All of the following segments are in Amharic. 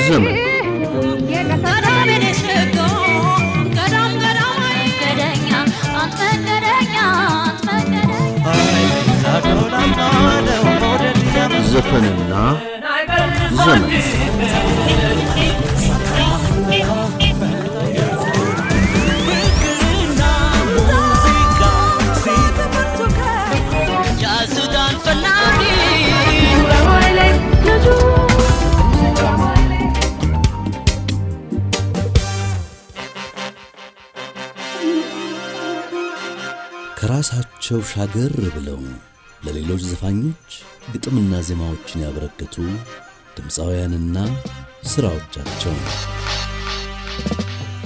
Zımı. Zıfınınla Zımı. በግጥሞቻቸው ሻገር ብለው ለሌሎች ዘፋኞች ግጥምና ዜማዎችን ያበረከቱ ድምፃውያንና ሥራዎቻቸው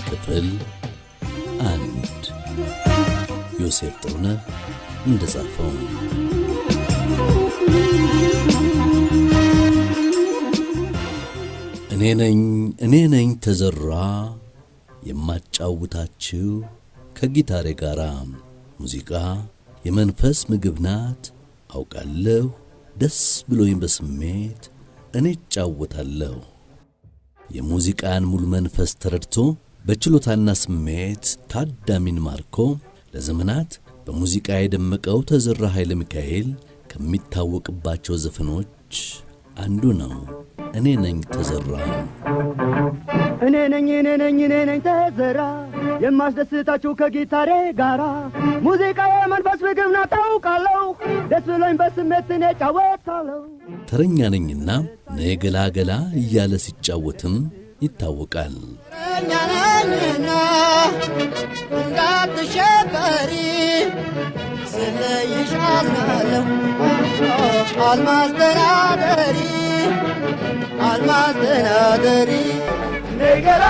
ክፍል አንድ ዮሴፍ ጥሩነ እንደ ጻፈው እኔ ነኝ እኔ ነኝ ተዘራ የማጫውታችሁ ከጊታሬ ጋር ሙዚቃ የመንፈስ ምግብ ናት አውቃለሁ። ደስ ብሎኝ በስሜት እኔ እጫወታለሁ። የሙዚቃን ሙሉ መንፈስ ተረድቶ በችሎታና ስሜት ታዳሚን ማርኮ ለዘመናት በሙዚቃ የደመቀው ተዘራ ኃይለ ሚካኤል ከሚታወቅባቸው ዘፈኖች አንዱ ነው። እኔ ነኝ ተዘራ እኔ ነኝ እኔ ነኝ እኔ ነኝ ተዘራ የማስደስታችሁ ከጊታሬ ጋራ ሙዚቃ የመንፈስ ምግብ ናት ታውቃለሁ። ደስ ብሎኝ በስሜት እኔ ጫወታለሁ። ተረኛ ነኝና ነገላ ገላ እያለ ሲጫወትም ይታወቃል። ተረኛ ነኝና እንዳትሸበሪ አልማዝ ተናገሪ አልማዝ ተናገሪ ነገራ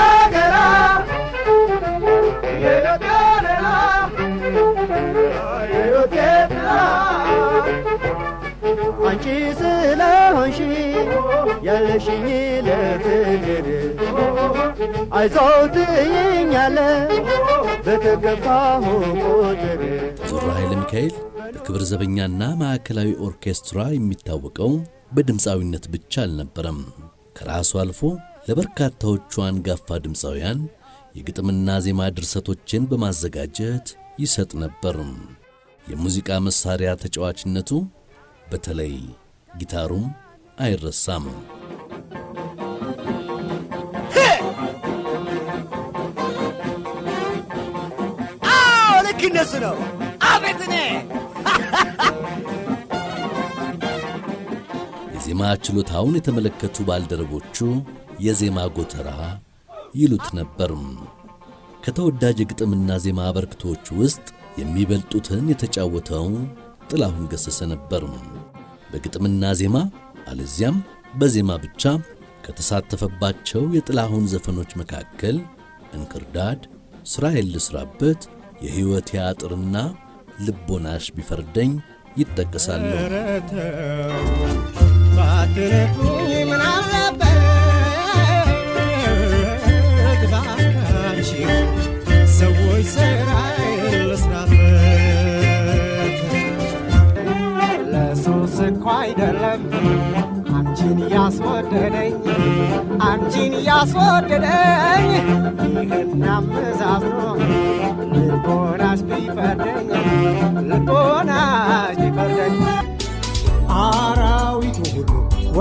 አንቺ ስለሆንሽ ያለሽኝ ለፍቅር አይዞህ ትይኛለሽ በተከፋሁ ቁጥር ዙራ ሚካኤል ክብር ዘበኛና ማዕከላዊ ኦርኬስትራ የሚታወቀው በድምፃዊነት ብቻ አልነበረም። ከራሱ አልፎ ለበርካታዎቹ አንጋፋ ድምፃውያን የግጥምና ዜማ ድርሰቶችን በማዘጋጀት ይሰጥ ነበር። የሙዚቃ መሳሪያ ተጫዋችነቱ በተለይ ጊታሩም አይረሳም። አዎ ልክ ነው። አቤት እኔ የዜማ ችሎታውን የተመለከቱ ባልደረቦቹ የዜማ ጎተራ ይሉት ነበርም። ከተወዳጅ የግጥምና ዜማ አበርክቶች ውስጥ የሚበልጡትን የተጫወተው ጥላሁን ገሰሰ ነበርም። በግጥምና ዜማ አለዚያም በዜማ ብቻ ከተሳተፈባቸው የጥላሁን ዘፈኖች መካከል እንክርዳድ፣ ሥራ የልስራበት፣ የሕይወት አጥርና ልቦናሽ ቢፈርደኝ ይጠቀሳሉ። ብትነግሩኝ ምን አይደለም አንቺን ያስወደደኝ አንቺን ያስወደደኝ ይህን አመዛዝኖ ልቦናሽ ቢፈደኝ ልቦናሽ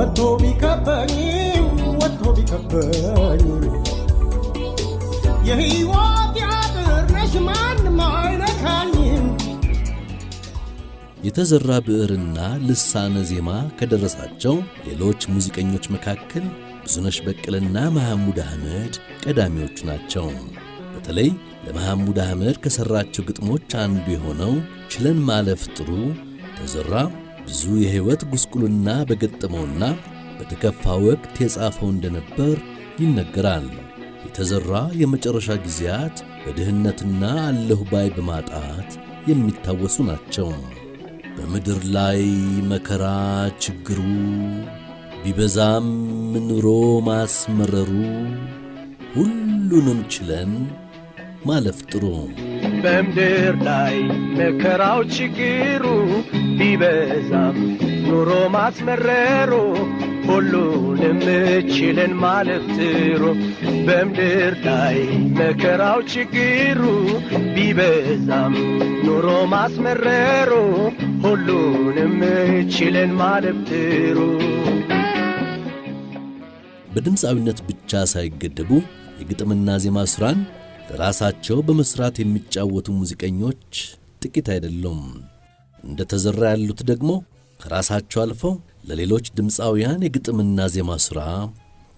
ወጥቶ ቢከበኝ ወጥቶ ቢከበኝ የህይወት ማንም አይነካኝም። የተዘራ ብዕርና ልሳነ ዜማ ከደረሳቸው ሌሎች ሙዚቀኞች መካከል ብዙነሽ በቀለና መሐሙድ አህመድ ቀዳሚዎቹ ናቸው። በተለይ ለመሐሙድ አህመድ ከሠራቸው ግጥሞች አንዱ የሆነው ችለን ማለፍ ጥሩ ተዘራ ብዙ የሕይወት ጉስቁልና በገጠመውና በተከፋ ወቅት የጻፈው እንደነበር ይነገራል። የተዘራ የመጨረሻ ጊዜያት በድህነትና አለሁ ባይ በማጣት የሚታወሱ ናቸው። በምድር ላይ መከራ ችግሩ ቢበዛም ኑሮ ማስመረሩ ሁሉንም ችለን ማለፍ ጥሩ በምድር ላይ መከራው ችግሩ ቢበዛም ኑሮ ማስመረሮ ሁሉንም ችለን ማለፍ ትሮ በምድር ላይ መከራው ችግሩ ቢበዛም ኑሮ ማስመረሮ ሁሉንም ችለን ማለፍ በድምፃዊነት ብቻ ሳይገደቡ የግጥምና ዜማ ሥራን ራሳቸው በመስራት የሚጫወቱ ሙዚቀኞች ጥቂት አይደሉም። እንደ ተዘራ ያሉት ደግሞ ከራሳቸው አልፈው ለሌሎች ድምፃውያን የግጥምና ዜማ ሥራ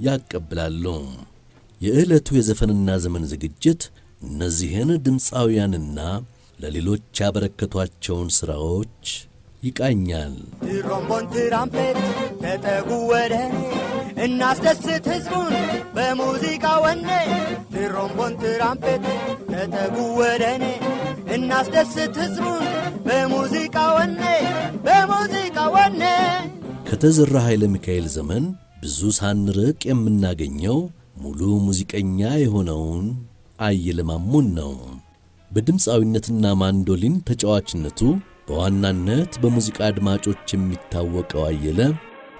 ያቀብላሉ። የዕለቱ የዘፈንና ዘመን ዝግጅት እነዚህን ድምፃውያንና ለሌሎች ያበረከቷቸውን ሥራዎች ይቃኛል። ትሮምቦን፣ ትራምፔት ተጠጉ ወደ እናስደስት ህዝቡን በሙዚቃ ወኔ። ትሮምቦን፣ ትራምፔት ተጠጉ ወደ እኔ እናስደስት ህዝቡን በሙዚቃ ወኔ በሙዚቃ ወኔ። ከተዘራ ኃይለ ሚካኤል ዘመን ብዙ ሳንርቅ የምናገኘው ሙሉ ሙዚቀኛ የሆነውን አየለ ማሞን ነው። በድምፃዊነትና ማንዶሊን ተጫዋችነቱ በዋናነት በሙዚቃ አድማጮች የሚታወቀው አየለ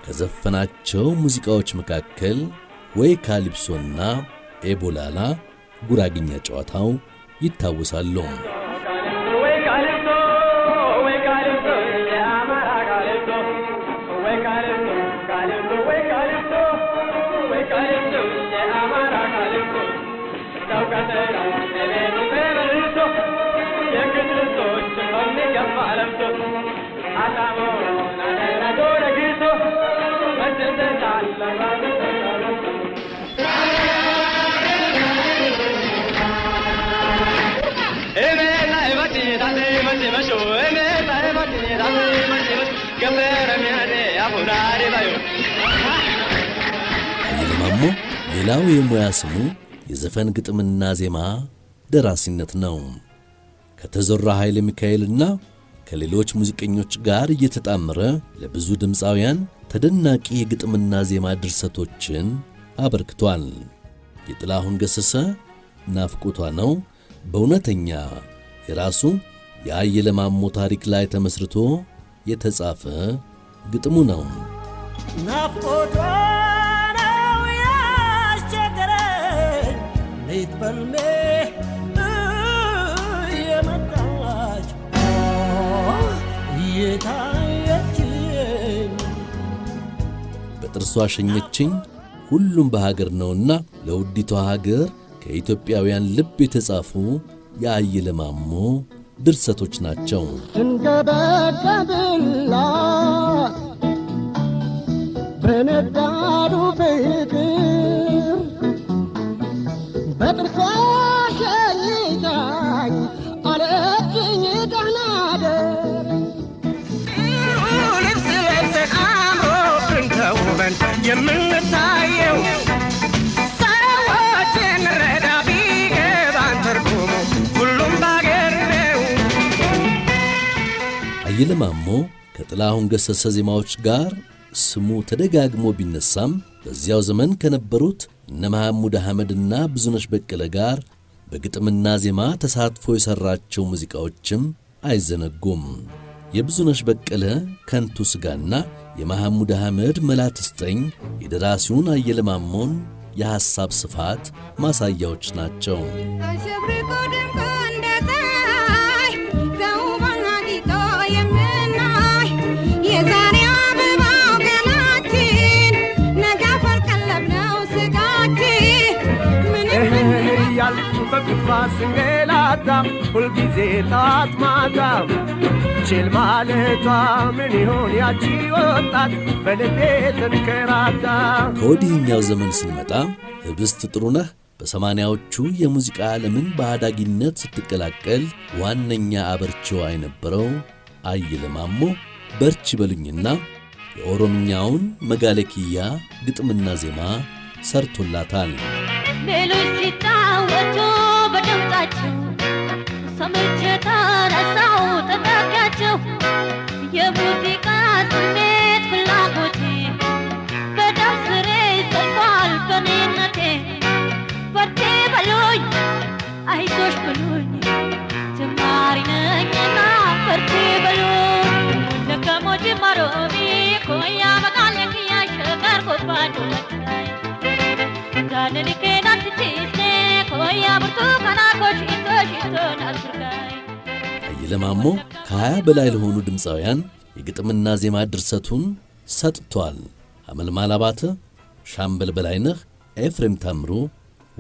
ከዘፈናቸው ሙዚቃዎች መካከል ወይ ካሊፕሶና ኤቦላላ ጉራግኛ ጨዋታው ይታወሳሉ። ማሞ ሌላው የሙያ ስሙ የዘፈን ግጥምና ዜማ ደራሲነት ነው። ከተዘራ ኃይለ ሚካኤልና ከሌሎች ሙዚቀኞች ጋር እየተጣመረ ለብዙ ድምፃውያን ተደናቂ የግጥምና ዜማ ድርሰቶችን አበርክቷል። የጥላሁን ገሰሰ ናፍቆቷ ነው በእውነተኛ የራሱ የአየለ ማሞ ታሪክ ላይ ተመስርቶ የተጻፈ ግጥሙ ነው። ናፍቆቷ ነው ያስቸገረኝ በጥርሷ ሸኘችኝ። ሁሉም በሀገር ነውና ለውዲቷ ሀገር ከኢትዮጵያውያን ልብ የተጻፉ የአየለ ማሞ ድርሰቶች ናቸው። እንገበቀብላ በነዳዱ ፍቅር ማሞ ከጥላሁን ገሰሰ ዜማዎች ጋር ስሙ ተደጋግሞ ቢነሳም በዚያው ዘመን ከነበሩት እነ መሐሙድ አህመድና ብዙነሽ በቀለ ጋር በግጥምና ዜማ ተሳትፎ የሠራቸው ሙዚቃዎችም አይዘነጉም። የብዙነሽ በቀለ ከንቱ ሥጋና የመሐሙድ አህመድ መላ ትስጠኝ የደራሲውን አየለ ማሞን የሐሳብ ስፋት ማሳያዎች ናቸው። ሳልፍ በክፋት ስንገላታም ሁልጊዜ ጣት ማታ ችል ማለቷ ምን ይሆን ያቺ ወጣት በልቤ ተንከራታ። ከወዲህኛው ዘመን ስንመጣ ህብስት ነህ በሰማንያዎቹ የሙዚቃ ዓለምን በአዳጊነት ስትቀላቀል ዋነኛ አበርችዋ የነበረው አየለማሞ በርች በሉኝና የኦሮምኛውን መጋለኪያ ግጥምና ዜማ ሰርቶላታል። አየለማሞ ከ20 በላይ ለሆኑ ድምፃውያን የግጥምና ዜማ ድርሰቱን ሰጥቷል። አመልማል አባተ፣ ሻምበል በላይነህ፣ ኤፍሬም ታምሮ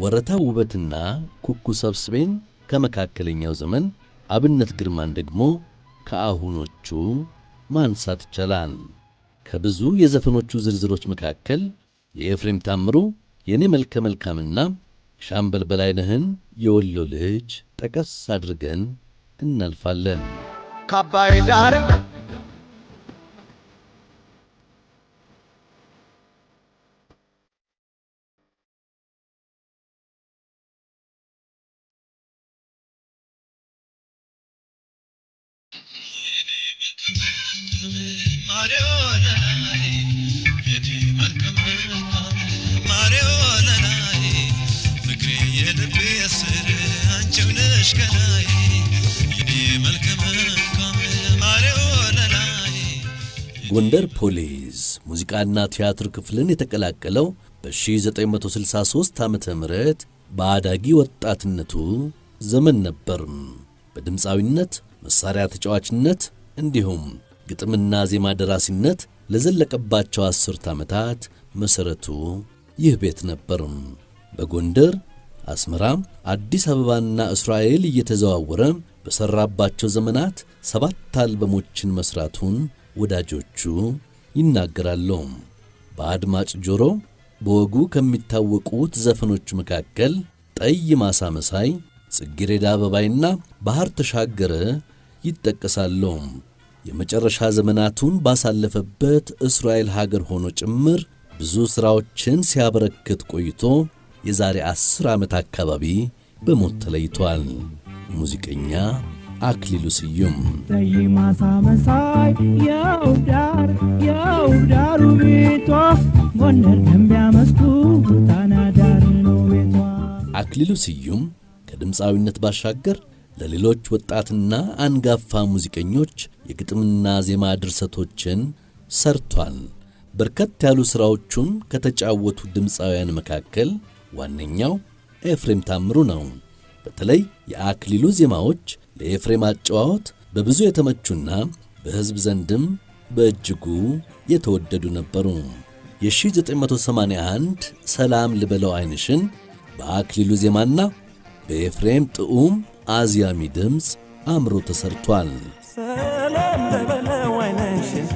ወረታ ውበትና ኩኩ ሰብስቤን ከመካከለኛው ዘመን አብነት ግርማን ደግሞ ከአሁኖቹ ማንሳት ይቻላል። ከብዙ የዘፈኖቹ ዝርዝሮች መካከል የኤፍሬም ታምሩ የኔ መልከ መልካምና ሻምበል በላይነህን የወሎ ልጅ ጠቀስ አድርገን እናልፋለን። ካባይ ዳር የጎንደር ፖሊስ ሙዚቃና ቲያትር ክፍልን የተቀላቀለው በ1963 ዓ ም በአዳጊ ወጣትነቱ ዘመን ነበር። በድምፃዊነት መሳሪያ ተጫዋችነት፣ እንዲሁም ግጥምና ዜማ ደራሲነት ለዘለቀባቸው አስርት ዓመታት መሠረቱ ይህ ቤት ነበር። በጎንደር አስመራ፣ አዲስ አበባና እስራኤል እየተዘዋወረ በሠራባቸው ዘመናት ሰባት አልበሞችን መሥራቱን ወዳጆቹ ይናገራሉ። በአድማጭ ጆሮ በወጉ ከሚታወቁት ዘፈኖች መካከል ጠይ ማሳ መሳይ፣ ጽጌሬዳ አበባይና ባህር ተሻገረ ይጠቀሳሉ። የመጨረሻ ዘመናቱን ባሳለፈበት እስራኤል ሀገር ሆኖ ጭምር ብዙ ሥራዎችን ሲያበረክት ቆይቶ የዛሬ ዐሥር ዓመት አካባቢ በሞት ተለይቷል። ሙዚቀኛ አክሊሉ ስዩም መሳይ ቤቷ ጎንደር መስኩ ነው ቤቷ። አክሊሉ ስዩም ከድምፃዊነት ባሻገር ለሌሎች ወጣትና አንጋፋ ሙዚቀኞች የግጥምና ዜማ ድርሰቶችን ሰርቷል። በርከት ያሉ ሥራዎቹን ከተጫወቱ ድምፃውያን መካከል ዋነኛው ኤፍሬም ታምሩ ነው። በተለይ የአክሊሉ ዜማዎች ለኤፍሬም አጨዋወት በብዙ የተመቹና በሕዝብ ዘንድም በእጅጉ የተወደዱ ነበሩ። የ1981 ሰላም ልበለው ዐይንሽን በአክሊሉ ዜማና በኤፍሬም ጥዑም አዝያሚ ድምፅ አምሮ ተሰርቷል። ሰላም ልበለው ዓይንሽን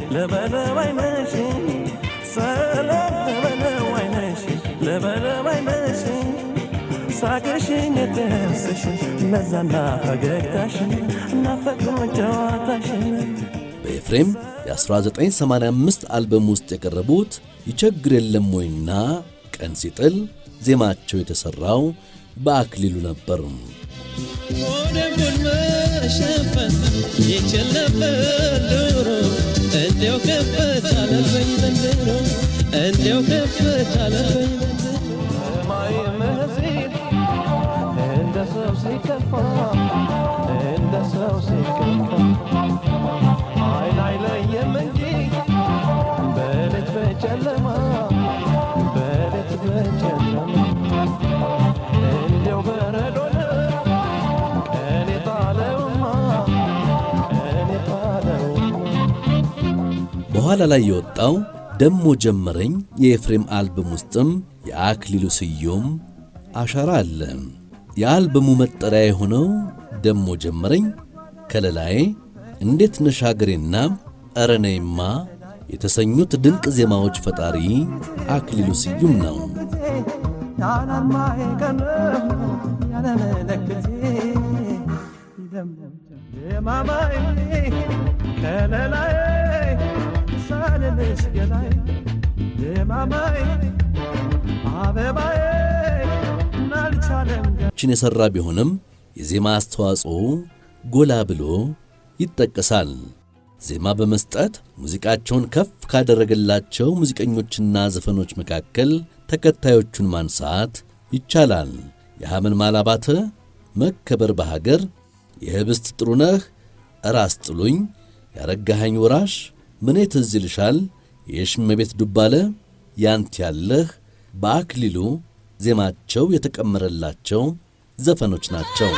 ሳቅሽን የደስሽን መዛና ፈገግታሽን ጨዋታሽን በኤፍሬም የ1985 አልበም ውስጥ የቀረቡት ይቸግር የለም ወይና ቀን ሲጥል ዜማቸው የተሠራው በአክሊሉ ነበር። እንዲያው አለበኝ እንዲያው አለበኝ በኋላ ላይ የወጣው ደሞ ጀመረኝ የኤፍሬም አልበም ውስጥም የአክሊሉ ስዩም አሻራ አለም። የአልበሙ መጠሪያ የሆነው ደሞ ጀመረኝ፣ ከለላዬ፣ እንዴት ነሽ ሀገሬና የተሰኙት ድንቅ ዜማዎች ፈጣሪ አክሊሉ ስዩም ነው። አበባዬ ችን የሠራ ቢሆንም የዜማ አስተዋጽኦ ጎላ ብሎ ይጠቀሳል። ዜማ በመስጠት ሙዚቃቸውን ከፍ ካደረገላቸው ሙዚቀኞችና ዘፈኖች መካከል ተከታዮቹን ማንሳት ይቻላል። የሐመን ማላባተ መከበር በሀገር፣ የህብስት ጥሩነህ ራስ ጥሉኝ፣ ያረጋኸኝ ወራሽ፣ ምኔ ትዝ ይልሻል፣ የሽመቤት ዱባለ፣ ያንት ያለህ፣ በአክሊሉ ዜማቸው የተቀመረላቸው ዘፈኖች ናቸው።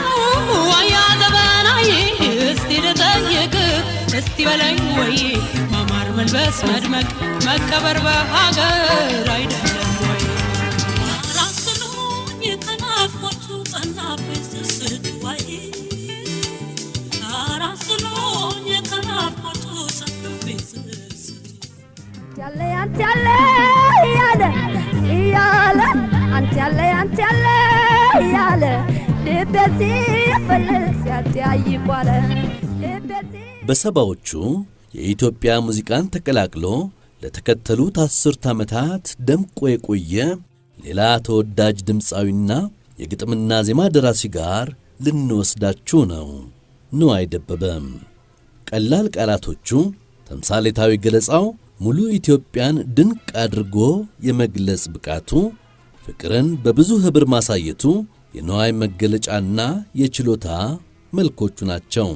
ዋያ ዘበናዬ እስቲ ልጠይቅ እስቲ በለኝ ወይ መልበስ፣ መድመቅ፣ መከበር በሀገር አይደለም ወይ ስትዋይ ያለ ያለ አንቺ ያለ አንቺ ያለ እያለ ልቤ ሲፈልግ በሰባዎቹ የኢትዮጵያ ሙዚቃን ተቀላቅሎ ለተከተሉት አስርት ዓመታት ደምቆ የቆየ ሌላ ተወዳጅ ድምፃዊና የግጥምና ዜማ ደራሲ ጋር ልንወስዳችሁ ነው። ንዋይ ደበበም ቀላል ቃላቶቹ፣ ተምሳሌታዊ ገለጻው ሙሉ ኢትዮጵያን ድንቅ አድርጎ የመግለጽ ብቃቱ ፍቅርን በብዙ ኅብር ማሳየቱ የነዋይ መገለጫና የችሎታ መልኮቹ ናቸው።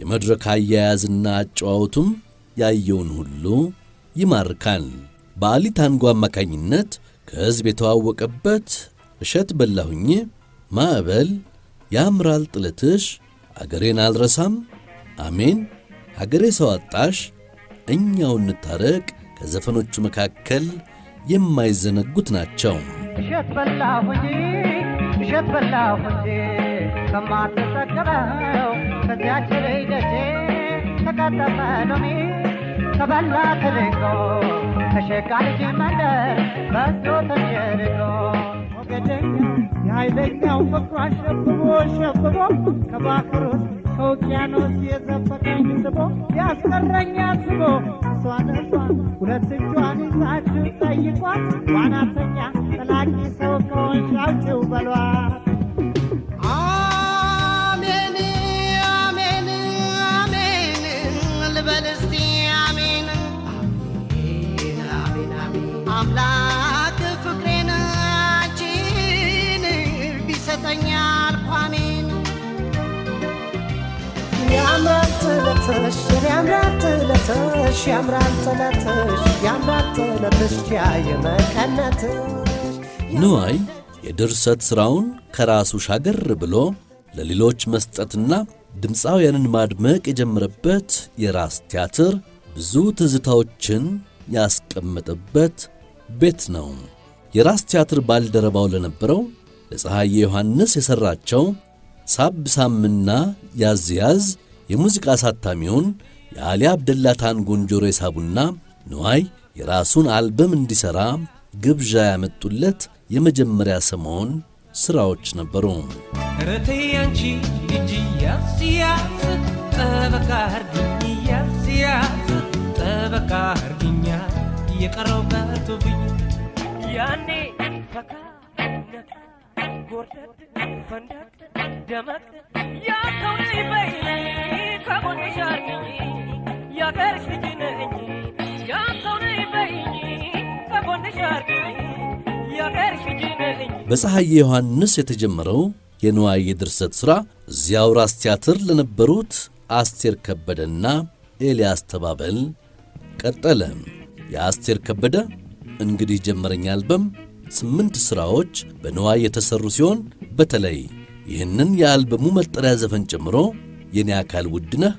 የመድረክ አያያዝና አጨዋወቱም ያየውን ሁሉ ይማርካል። በአሊ ታንጎ አማካኝነት ከሕዝብ የተዋወቀበት እሸት በላሁኝ፣ ማዕበል፣ ያምራል ጥለትሽ፣ አገሬን አልረሳም፣ አሜን፣ ሀገሬ ሰው አጣሽ፣ እኛው እንታረቅ ከዘፈኖቹ መካከል የማይዘነጉት ናቸው። እሸት በላሁ እንጂ እሸት በላሁ እንጂ ከማትሰክረው ከዚያች ልደቴ ተቀጠፈ ሎሚ ተበላ ተደንቆ ተሸቃ ልጅ መንደር በቶ ተሸርቆ ሞገደኛ የኃይለኛው ፍቅሯ ሸብቦ ሸብቦ ከባክር ውስጥ ከውቅያኖስ የዘፈቀኝ ስቦ ያስቀረኛ ስቦ እሷን እሷን ሁለት እጇን ይዛችሁ ጠይቋት ዋናተኛ ጠላቂ ሰው ከሆንሽ አውጪው በሏት ጥለትሽ ያምራል ጥለትሽ ያምራል ጥለትሽ ያምራል ጥለትሽ ያየመቀነትሽ ንዋይ የድርሰት ሥራውን ከራሱ ሻገር ብሎ ለሌሎች መስጠትና ድምፃውያንን ማድመቅ የጀመረበት የራስ ቲያትር ብዙ ትዝታዎችን ያስቀመጠበት ቤት ነው። የራስ ቲያትር ባልደረባው ለነበረው ለፀሐዬ ዮሐንስ የሠራቸው ሳብሳምና ያዝያዝ የሙዚቃ አሳታሚውን የአሊ አብደላታን ጎንጆሮ የሳቡና ንዋይ የራሱን አልበም እንዲሠራ ግብዣ ያመጡለት የመጀመሪያ ሰሞን ሥራዎች ነበሩ። ረተያንቺ እጅ ያዝ ያዝ ጠበቃ አርግኝ ያዝ ያዝ ጠበቃ አርግኛ የቀረው ቀርቶብኝ ያኔ ፈካ ጎርደድ ፈንደቅ ደመቅ ልጅ ነኝ ልጅ ነኝ። በፀሐዬ ዮሐንስ የተጀመረው የንዋይ የድርሰት ሥራ እዚያው ራስ ቲያትር ለነበሩት አስቴር ከበደና ኤልያስ ተባበል ቀጠለ። የአስቴር ከበደ እንግዲህ ጀመረኝ አልበም ስምንት ሥራዎች በንዋይ የተሠሩ ሲሆን በተለይ ይህንን የአልበሙ መጠሪያ ዘፈን ጨምሮ የኔ አካል ውድነህ፣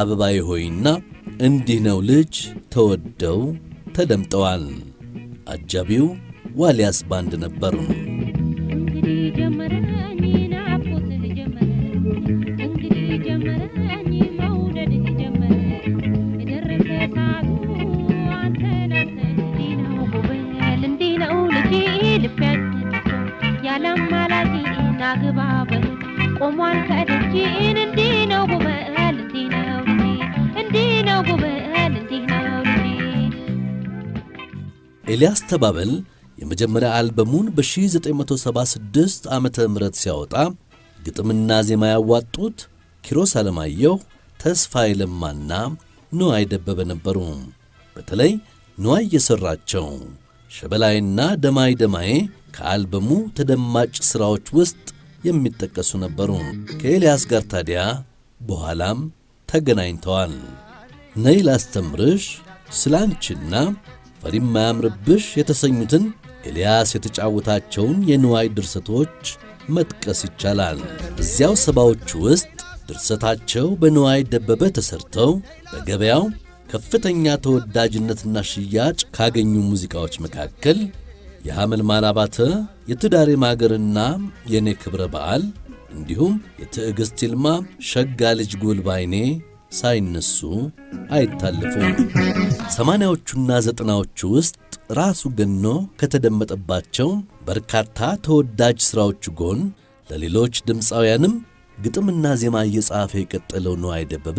አበባዬ ሆይና እንዲህ ነው ልጅ ተወደው ተደምጠዋል። አጃቢው ዋሊያስ ባንድ ነበር። ኤልያስ ተባበል የመጀመሪያ አልበሙን በ1976 ዓ ም ሲያወጣ ግጥምና ዜማ ያዋጡት ኪሮስ አለማየሁ፣ ተስፋዬ ለማና ንዋይ ደበበ ነበሩ። በተለይ ንዋይ የሠራቸው ሸበላይና ደማይ ደማዬ ከአልበሙ ተደማጭ ሥራዎች ውስጥ የሚጠቀሱ ነበሩ። ከኤልያስ ጋር ታዲያ በኋላም ተገናኝተዋል። ነይ ላስተምርሽ ስላንችና ፈሪም አያምርብሽ የተሰኙትን ኤልያስ የተጫወታቸውን የንዋይ ድርሰቶች መጥቀስ ይቻላል። እዚያው ሰባዎቹ ውስጥ ድርሰታቸው በንዋይ ደበበ ተሰርተው በገበያው ከፍተኛ ተወዳጅነትና ሽያጭ ካገኙ ሙዚቃዎች መካከል የሐመልማል አባተ የትዳሬ ማገርና የእኔ ክብረ በዓል እንዲሁም የትዕግሥት ይልማ ሸጋ ልጅ ጎልባይኔ ሳይነሱ አይታልፉም። ሰማንያዎቹና ዘጠናዎቹ ውስጥ ራሱ ገኖ ከተደመጠባቸው በርካታ ተወዳጅ ሥራዎቹ ጎን ለሌሎች ድምፃውያንም ግጥምና ዜማ እየጻፈ የቀጠለው ነዋይ ደበበ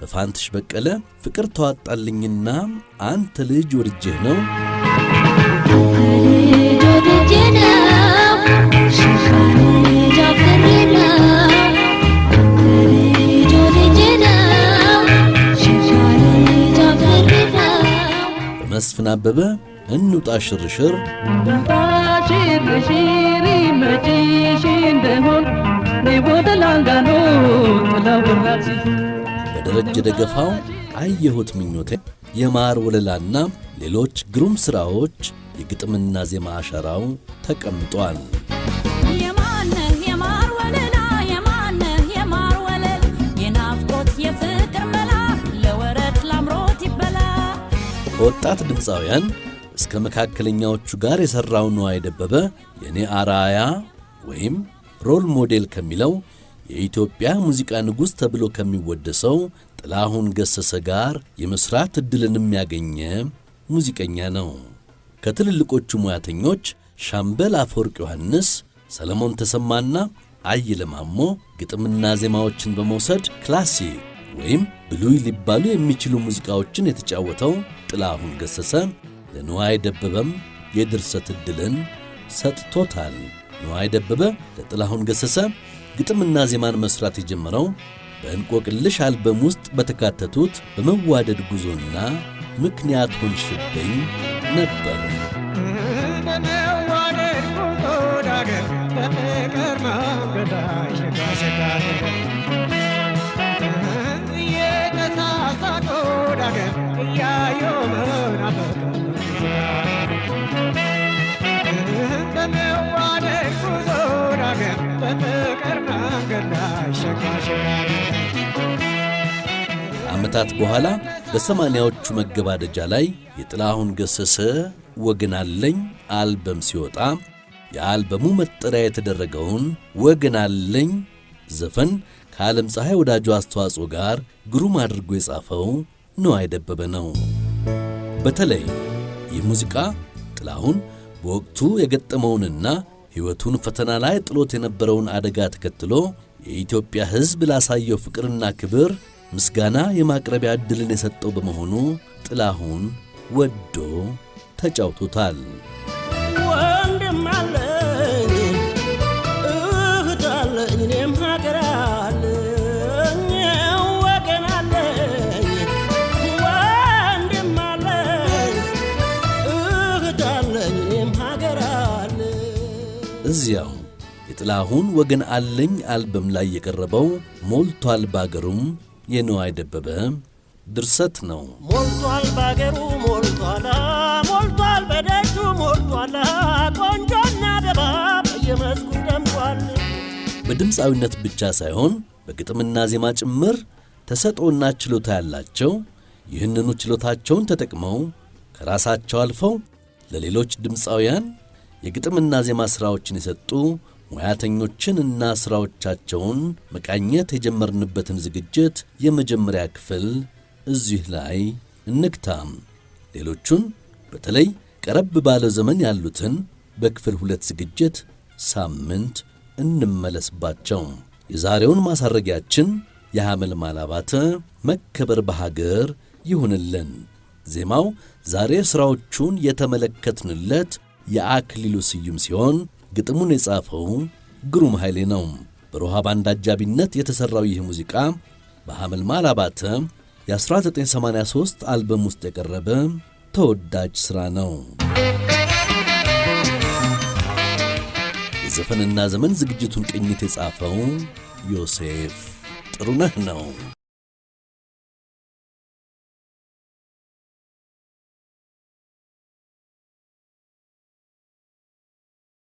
በፋንትሽ በቀለ ፍቅር ተዋጣልኝና አንተ ልጅ ወድጄህ ነው ልጅ ወድጄህ ነው መስፍን አበበ እንውጣ ሽርሽር በደረጀ ደገፋው አየሁት ምኞቴ የማር ወለላና ሌሎች ግሩም ሥራዎች የግጥምና ዜማ አሻራው ተቀምጧል። ከወጣት ድምፃውያን እስከ መካከለኛዎቹ ጋር የሠራው ነዋይ ደበበ የእኔ አራያ ወይም ሮል ሞዴል ከሚለው የኢትዮጵያ ሙዚቃ ንጉሥ ተብሎ ከሚወደሰው ጥላሁን ገሰሰ ጋር የመሥራት ዕድልንም ያገኘ ሙዚቀኛ ነው። ከትልልቆቹ ሙያተኞች ሻምበል አፈወርቅ ዮሐንስ፣ ሰለሞን ተሰማና አየለ ማሞ ግጥምና ዜማዎችን በመውሰድ ክላሲክ ወይም ብሉይ ሊባሉ የሚችሉ ሙዚቃዎችን የተጫወተው ጥላሁን ገሰሰ ለንዋይ ደበበም የድርሰት ዕድልን ሰጥቶታል። ንዋይ ደበበ ለጥላሁን ገሰሰ ግጥምና ዜማን መሥራት የጀመረው በእንቆቅልሽ አልበም ውስጥ በተካተቱት በመዋደድ ጉዞና ምክንያት ሆንሽብኝ ነበር። ዓመታት በኋላ በሰማንያዎቹ መገባደጃ ላይ የጥላሁን ገሰሰ ወግናለኝ አለኝ አልበም ሲወጣ የአልበሙ መጠሪያ የተደረገውን ወግናለኝ አለኝ ዘፈን ከዓለም ፀሐይ ወዳጁ አስተዋጽኦ ጋር ግሩም አድርጎ የጻፈው ነዋይ ደበበ ነው። በተለይ ይህ ሙዚቃ ጥላሁን በወቅቱ የገጠመውንና ሕይወቱን ፈተና ላይ ጥሎት የነበረውን አደጋ ተከትሎ የኢትዮጵያ ሕዝብ ላሳየው ፍቅርና ክብር ምስጋና የማቅረቢያ ዕድልን የሰጠው በመሆኑ ጥላሁን ወዶ ተጫውቶታል። ወንድም አለኝ እህት አለኝ እኔም ሀገር አለኝ ወገን አለኝ ወንድም አለኝ እህት አለኝ እኔም ሀገር አለኝ። እዚያው የጥላሁን ወገን አለኝ አልበም ላይ የቀረበው ሞልቷል ባገሩም የነዋይ ደበበ ድርሰት ነው። ሞልቷል ባገሩ ሞልቷላ ሞልቷል በደጁ ሞልቷላ ቆንጆና ደባብ የመስኩ ደምቷል። በድምፃዊነት ብቻ ሳይሆን በግጥምና ዜማ ጭምር ተሰጥኦና ችሎታ ያላቸው ይህንኑ ችሎታቸውን ተጠቅመው ከራሳቸው አልፈው ለሌሎች ድምፃውያን የግጥምና ዜማ ሥራዎችን የሰጡ ሙያተኞችንና ሥራዎቻቸውን መቃኘት የጀመርንበትን ዝግጅት የመጀመሪያ ክፍል እዚህ ላይ እንግታም። ሌሎቹን በተለይ ቀረብ ባለ ዘመን ያሉትን በክፍል ሁለት ዝግጅት ሳምንት እንመለስባቸው። የዛሬውን ማሳረጊያችን የሐመል ማላባተ መከበር በሀገር ይሁንልን። ዜማው ዛሬ ሥራዎቹን የተመለከትንለት የአክሊሉ ስዩም ሲሆን ግጥሙን የጻፈው ግሩም ኃይሌ ነው። በሮሃ ባንድ አጃቢነት የተሠራው ይህ ሙዚቃ በሐመልማል አባተ የ1983 አልበም ውስጥ የቀረበ ተወዳጅ ሥራ ነው። የዘፈንና ዘመን ዝግጅቱን ቅኝት የጻፈው ዮሴፍ ጥሩነህ ነው።